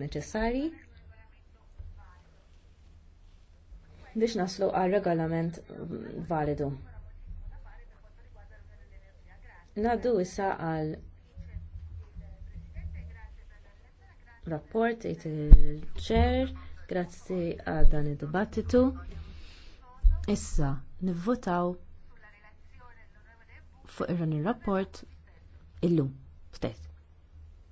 neċessarji biex naslu għal regolament validu. Naddu issa għal rapport it il-ċer, grazzi għal dan id dibattitu Issa, nivvotaw fuq ir-rapport illum stess.